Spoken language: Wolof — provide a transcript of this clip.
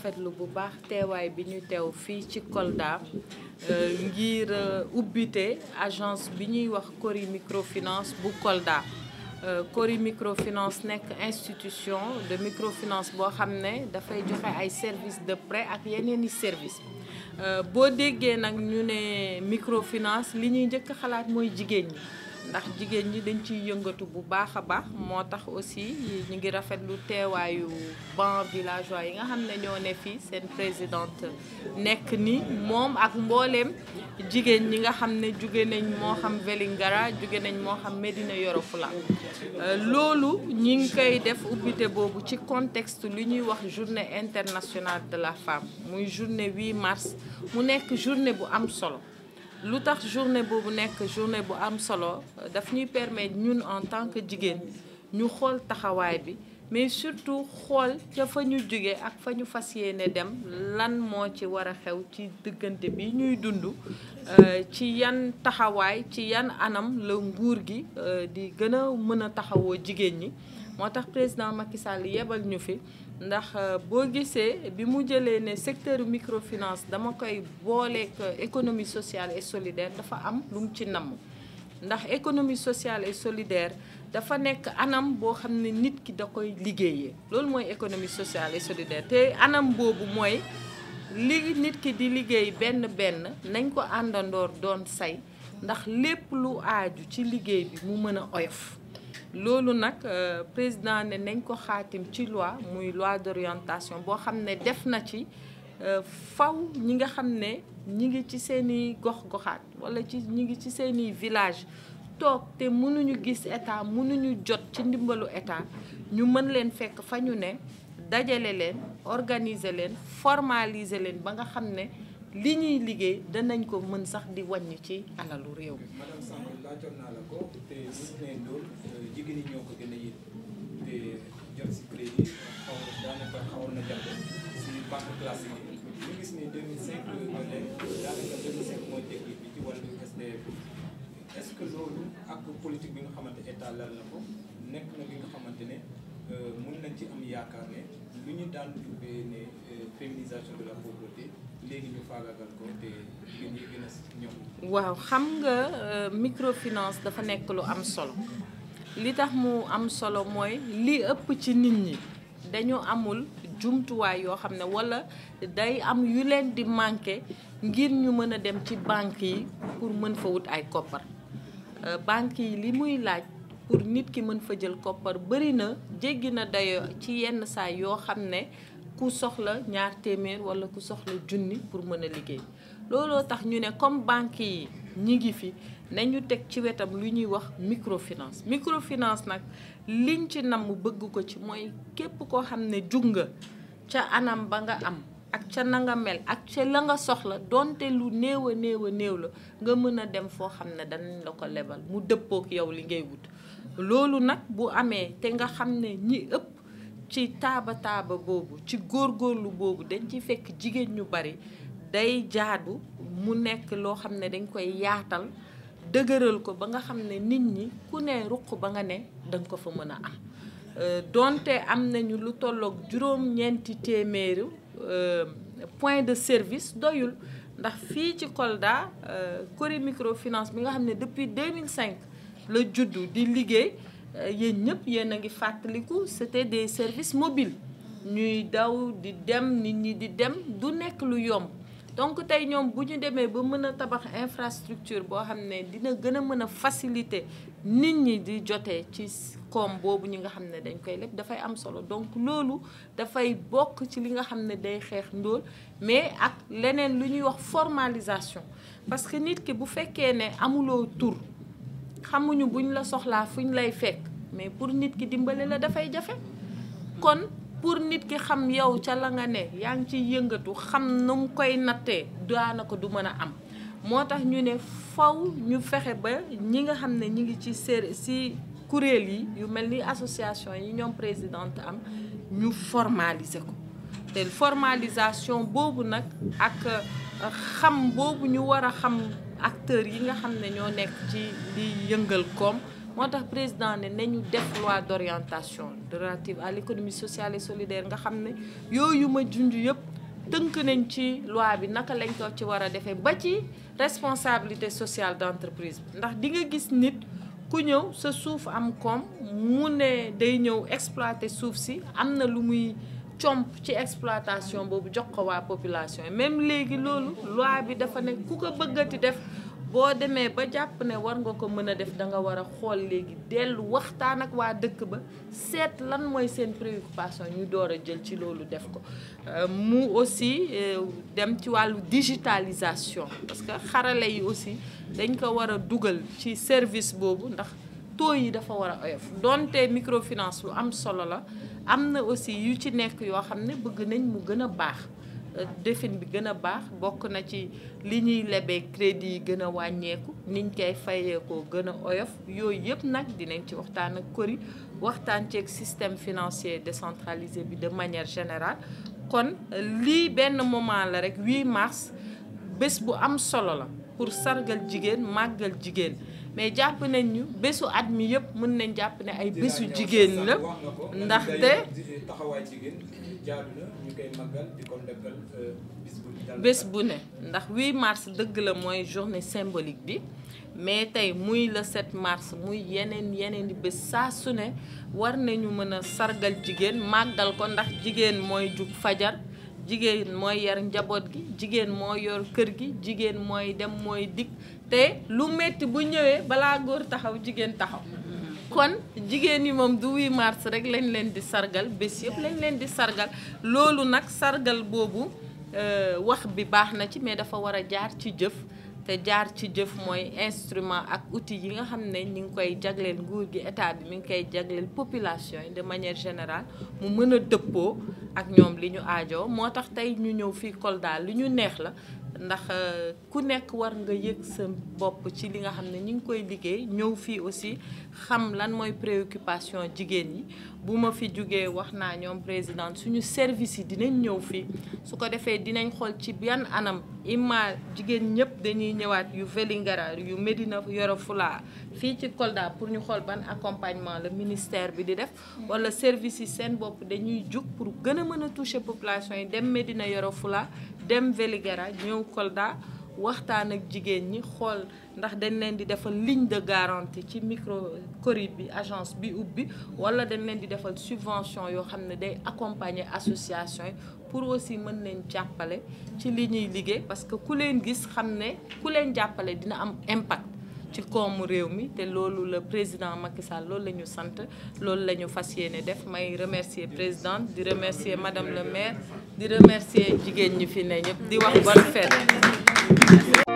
rafetlu bu baax teewaay bi ñu teew fii ci Kolda euh, ngir euh, ubbite agence bi ñuy wax Cori microfinance bu Kolda Cori euh, microfinance nekk institution de microfinance boo xam ne dafay joxe ay service de prêt ak yeneen i service boo déggee nag ñu ne microfinance li ñuy njëkk xalaat mooy jigéen ñi ndax jigéen ñi dañ ciy yëngatu bu baax a baax moo tax aussi ñu ngi rafetlu teewaayu ban villageois yi nga xam ne ñoo ne fii seen président nekk ni moom ak mbooleem jigéen ñi nga xam ne jóge nañ moo xam Vélingara jóge nañ moo xam Médina Yoro Foulah euh, loolu ñi ngi koy def ubbite boobu ci contexte li ñuy wax journée internationale de la femme muy journée 8 mars mu nekk journée bu am solo lu tax journée boobu nekk journée bu am solo daf ñuy permettre ñun en tant que jigéen ñu xool taxawaay bi mais surtout xool ca fa ñu jóge ak fa ñu fas yéene dem lan moo ci war a xew ci diggante bi ñuy dund euh, ci yan taxawaay ci yan anam la nguur gi euh, di gën a mën a taxawoo jigéen ñi moo tax président Macky Sall yebal ñu fi ndax euh, boo gisee bi mu jëlee ne secteur microfinance dama koy booleek euh, économie sociale et solidaire dafa am lu mu ci namm ndax économie sociale et solidaire dafa nekk anam boo xam ne nit ki da koy liggéeyee loolu mooy économie sociale et solidaire te anam boobu mooy li nit ki di liggéey benn benn nañ ko àndandoor doon say ndax lépp lu aaju ci liggéey bi mu mën a oyof loolu nag euh, président ne nañ ko xaatim ci loi muy loi d'orientation boo xam ne def na ci euh, faw ñi nga xam ne ñi ngi ci seeni gox-goxaat wala ci ñi ngi ci seeni village toog te mënuñu gis état mënuñu jot ci ndimbalu état ñu mën leen fekk fa ñu ne dajale leen organiser leen formaliser leen ba nga xam ne li ñuy liggéey danañ ko mën sax di wàññi ci alalu réew mi. madame ko gis ne loolu euh, jigéen ñi ñoo ko gën a yëg te jot si crédit xaw daanaka xawoon na jàpp si banque classique yi ñu gis ne 2005 ba léegi daanaka 2005 mooy technique bi ci wàllu SDF est-ce que loolu ak politique bi nga xamante état lal na ko nekk na bi nga xamante ne euh, mun nañ ci am yaakaar ne lu ñu daan jubbee ne euh, waaw xam nga euh, microfinance dafa nekk lu am solo li tax mu am solo mooy li ëpp ci nit ñi dañu amul jumtuwaay yoo xam ne walla day am yu leen di manqué ngir ñu mën a dem ci banque yi pour mën fa wut ay koppar euh, banque yi li muy laaj. pour nit ki mën fa jël koppar bëri na jéggi na dayo ci yenn saa yoo xam ne ku soxla ñaar téeméer walla ku soxla junni pour mën a liggéey looloo tax ñu ne comme banque yi ñi ngi fi ñu teg ci wetam lu ñuy wax microfinance microfinance nag liñ ci namm bëgg ko ci mooy képp koo xam ne jug nga ca anam ba nga am ak ca na mel ak ca la nga soxla donte lu néew a néew a néew la nga mën a dem foo xam ne danañ la ko lebal mu dëppook yow li ngay wut loolu nag bu amee te nga xam ne ñi ëpp ci taaba taaba boobu ci góor góorlu boobu dañ ci fekk jigéen ñu bari day jaadu mu nekk loo xam ne dañ koy yaatal dëgëral ko ba nga xam ne nit ñi ku ne ruq ba nga ne danga ko fa mën a am euh, donte am nañu lu tolloog juróom-ñeenti téeméeru euh, point de service doyul ndax fii ci Kolda Cori euh, microfinance bi nga xam ne depuis 2005 la juddu di liggéey Euh, yéen ñëpp yéen a ngi fàttaliku c'était des services mobiles ñuy daw di dem nit ñi di dem du nekk lu yomb donc tey ñoom bu ñu demee ba mën a tabax infrastructure boo xam ne dina gën a mën a faciliter nit ñi di jotee ci koom boobu ñi nga xam ne dañ koy lépp dafay am solo donc loolu dafay bokk ci li nga xam ne day xeex ndóol mais ak leneen lu ñuy wax formalisation parce que nit ki bu fekkee ne amuloo tur xamuñu buñ la soxlaa fuñ lay fekk mais pour nit ki dimbale la dafay jafe kon pour nit ki xam yow ca la nga ne yaa ngi ciy yëngatu xam nu mu koy nattee daanako du mën a am moo tax ñu ne fow ñu fexe ba ñi nga xam ne ñi ngi ci sér si kuréel yi yu mel ni association yi ñoom présidente am ñu formaliser ko te formalisation boobu nag ak euh, xam boobu ñu war a xam acteurs yi nga xam ne ñoo nekk ci di yëngal koom moo tax président ne nañu def loi d'orientation relative à l'économie sociale et solidaire nga xam ne yooyu ma junj yëpp tënk nañ ci loi bi naka lañ ko ci war a defee ba ci responsabilité sociale d'entreprise bi ndax di nga gis nit ku ñëw sa suuf am koom mu ne day ñëw exploiter suuf si am na lu muy comp ci exploitation boobu jox ko waa population yi même léegi loolu loi bi dafa ne ku ko bëggati def boo demee ba jàpp ne war nga ko mën a def danga war a xool léegi dellu waxtaan ak waa dëkk ba seet lan mooy seen préoccupation ñu door a jël ci loolu def ko euh, mu aussi euh, dem ci wàllu digitalisation parce que xarale yi aussi dañ ko war a dugal ci service boobu ndax taux yi dafa war a oyof donte microfinance lu am solo la am na aussi yu ci nekk yoo xam ne bëgg nañ mu gën a baax euh, defin bi gën a baax bokk na ci li ñuy lebee crédit yi gën a wàññeeku niñ koy fayeekoo gën a oyof yooyu yëpp nag di nekk ci waxtaan ak kori waxtaan ceeg système financier décentralisé bi de manière générale kon euh, lii benn moment la rek 8 mars bés bu am solo la pour sargal jigéen màggal jigéen mais jàpp nañ ñu bésu at mi yëpp mën nañ jàpp ne ay bésu jigéen la ndaxte euh, bés bu ne ndax 8 mars dëgg la mooy journée symbolique bi mais tey muy le 7 mars muy yeneen yeneen di bés saa su ne war nañu mën a sargal jigéen màggal ko ndax jigéen mooy jug fajar jigéen mooy yar njaboot gi jigéen moo yor kër gi jigéen mooy dem mooy dikk te lu metti bu ñëwee balaa góor taxaw jigéen taxaw kon jigéen yi moom du 8 mars rek lañ leen di sargal bés yëpp lañ leen di sargal loolu nag sargal boobu euh, wax bi baax na ci mais dafa war a jaar ci jëf te jaar ci jëf mooy instrument ak outils yi nga xam ne ñu ngi koy jagleel nguur gi état bi mi ngi koy jagleel population yi de manière générale mu mën a dëppoo ak ñoom li ñu aajoo moo tax tey ñu ñëw fii Kolda li ñu neex la ndax euh, ku nekk war nga yëg sa bopp ci li nga xam ne ñu ngi koy liggéey ñëw fii aussi xam lan mooy préoccupation jigéen yi bu ma fi jógee wax naa ñoom président suñu service yi dinañ ñëw fii su ko defee dinañ xool ci yan anam imma jigéen ñëpp dañuy ñëwaat yu Vélingara yu Médina Yoro Fula fii ci Kolda pour ñu xool ban accompagnement la ministère bi di def wala service yi seen bopp dañuy jug pour gën a mën a toucher population yi dem Médina Yoro Fula dem Vélingara ñëw Kolda waxtaan ak jigéen ñi xool ndax dañ leen di defal ligne de garantie ci micro Corip bi agence bi ubbi wala dañ leen di defal subvention yoo xam ne day accompagner association yi pour aussi mën leen jàppale ci li ñuy liggéey parce que ku leen gis xam ne ku leen jàppale dina am impact. ci koomu réew mi te loolu la président Macky Sall loolu lañu sant loolu lañu fas yéene def may remercier présidente di remercier madame le maire di remercier jigéen ñi fi ne ñëpp di wax bonne fête